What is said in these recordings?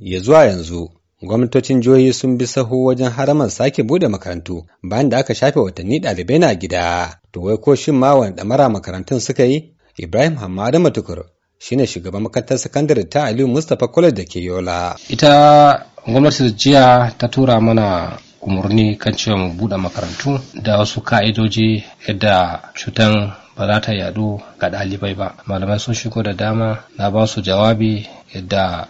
ya zuwa yanzu gwamnatocin jihohi sun bi sahu wajen haramar sake bude makarantu bayan da aka shafe watanni ɗalibai na gida to wai ko shin ma wani ɗamara makarantun suka yi ibrahim hamadu matukur shine shugaban makarantar sakandare ta aliyu mustapha college da ke yola ita gwamnati jiya ta tura mana umarni kan cewa mu buɗe makarantu da wasu ka'idoji yadda cutan ba za ta yadu ga ɗalibai ba malamai sun shigo da dama na ba su jawabi yadda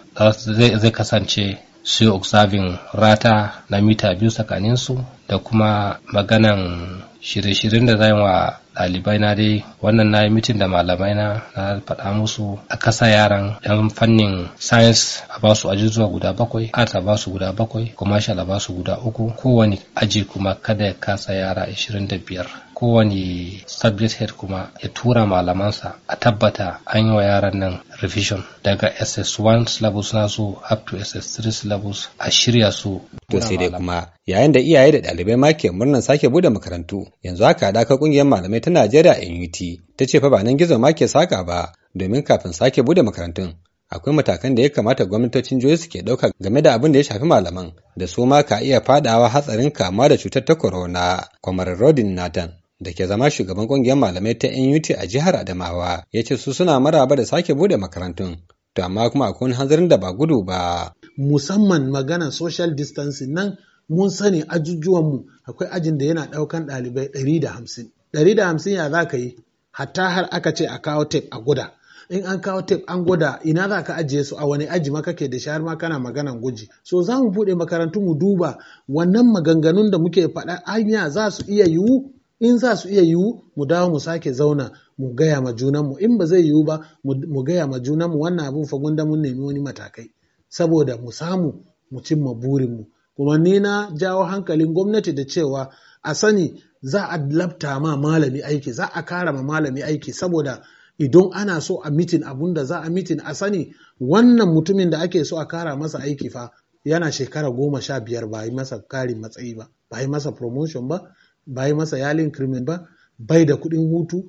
zai kasance su yi observing rata na mita biyu tsakaninsu da kuma maganan shirye-shiryen da zai wa ɗalibai na dai wannan na yi mitin da malamai na na faɗa musu a kasa yaran yan fannin science a ba su ajizuwa guda bakwai art a ba su guda bakwai commercial a ba su guda uku kowane aji kuma kada ya kasa yara 25 kowane subject head kuma ya tura malamansa a tabbata an yi wa yaran nan revision daga ss1 syllabus nasu up to ss3 syllabus a shirya su to sai dai kuma yayin da iyaye da ɗalibai ma ke murnan sake bude makarantu yanzu haka dakar ƙungiyar malamai ta najeriya nut ta ce fa ba nan gizo ma ke saka ba domin kafin sake bude makarantun akwai matakan da ya kamata gwamnatocin jihohi suke ɗauka game da abin da ya shafi malaman da su ma ka iya fadawa hatsarin kama da cutar ta corona kwamar rodin nathan da ke zama shugaban kungiyar malamai ta NUT a jihar Adamawa ya ce su suna maraba da sake bude makarantun to amma kuma akwai wani hanzarin da ba gudu ba musamman magana social distancing nan mun sani ajujuwan mu akwai ajin da yana daukan ɗalibai 150 150 ya zaka yi hatta har aka ce a kawo tape a guda in an kawo tape an gwada ina za ka ajiye su a wani aji ma kake da shahar ma kana maganan guji so za mu buɗe makarantu mu duba wannan maganganun da muke faɗa anya za su iya yiwu in za su iya yiwu mu dawo mu sake zauna mu gaya ma junanmu in ba zai yiwu ba mu gaya ma junanmu wannan abin fa gunda mun nemi wani matakai saboda mu samu mu cimma burinmu kuma ni na jawo hankalin gwamnati da cewa a sani za a labta ma malami aiki za a kara ma malami aiki saboda idan ana so a mitin abunda za a mitin a sani wannan mutumin da ake so a kara masa aiki fa yana shekara goma sha biyar ba yi masa karin matsayi ba ba yi masa promotion ba ba yi masa yalin increment ba bai da kuɗin hutu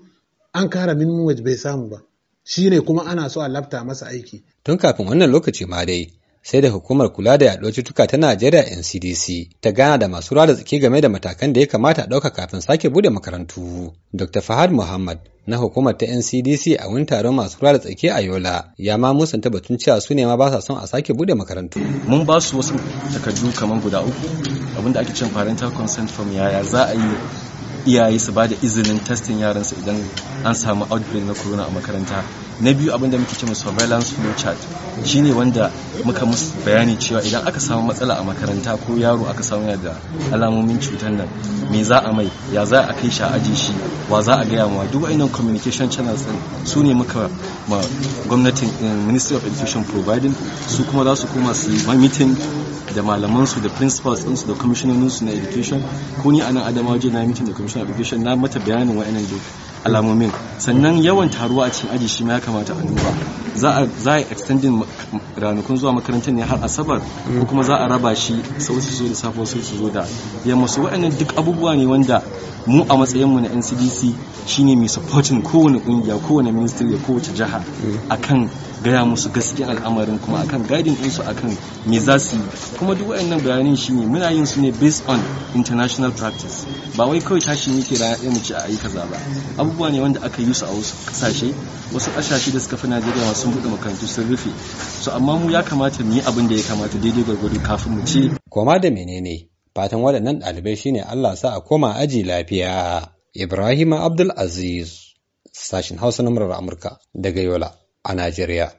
an kara minimum wage bai samu ba shi ne kuma ana so a lafta masa aiki. Tun kafin wannan lokaci ma dai sai da hukumar kula da yaɗuwar cutuka ta Najeriya NCDC ta gana da masu rada tsaki game da matakan da ya kamata a ɗauka kafin sake bude makarantu. Dr. Fahad Muhammad na hukumar ta NCDC a wani taron masu da tsaki a Yola ya ma musanta batun cewa su ne ma ba sa son a sake bude makarantu. Mun ba su wasu takardu kamar guda uku abinda ake cin parental consent form yaya za a yi iyaye su ba da izinin yaran yaransu idan an samu outbreak na corona a makaranta na biyu abin da muke cewa surveillance flow chart shine wanda muka musu bayani cewa idan aka samu matsala a makaranta ko yaro aka samu yana da alamomin cutar nan me za a mai ya za a kai shi a aji shi wa za a gaya ma duk wayannan communication channels din su ne muka ma gwamnatin eh, ministry of education providing su kuma za su koma su yi meeting da malamansu da principals su da su na education ko ni a nan adamawa je na meeting da commissioner of education na mata bayanin wa'annan duk alamomin sannan yawan taruwa a cikin aji shi ma ya kamata a duba za a yi extending ranakun zuwa makarantar ne har asabar mm. ko kuma za a raba shi sau su zo da safon sai su zo da yamma su waɗannan duk abubuwa ne wanda mu a matsayinmu na ncdc shine mai supporting kowane ƙungiya kowane ministry da kowace jiha mm. akan gaya musu gaskiyar al'amarin kuma akan guiding ɗinsu akan me za su yi kuma duk waɗannan bayanin shine muna yin su ne based on international practice ba wai kawai tashi muke rana ɗaya mu ci a yi za ba abubuwa ne wanda aka yi su a wasu ƙasashe wasu ƙasashe da suka fi najeriya masu sun buɗe makarantu sun rufe so amma mu ya kamata mu yi abin da ya kamata daidai gwargwado kafin mu ci koma da menene fatan waɗannan ɗalibai shine Allah sa a koma aji lafiya Ibrahim Abdul Aziz sashin Hausa na murar Amurka daga Yola a Najeriya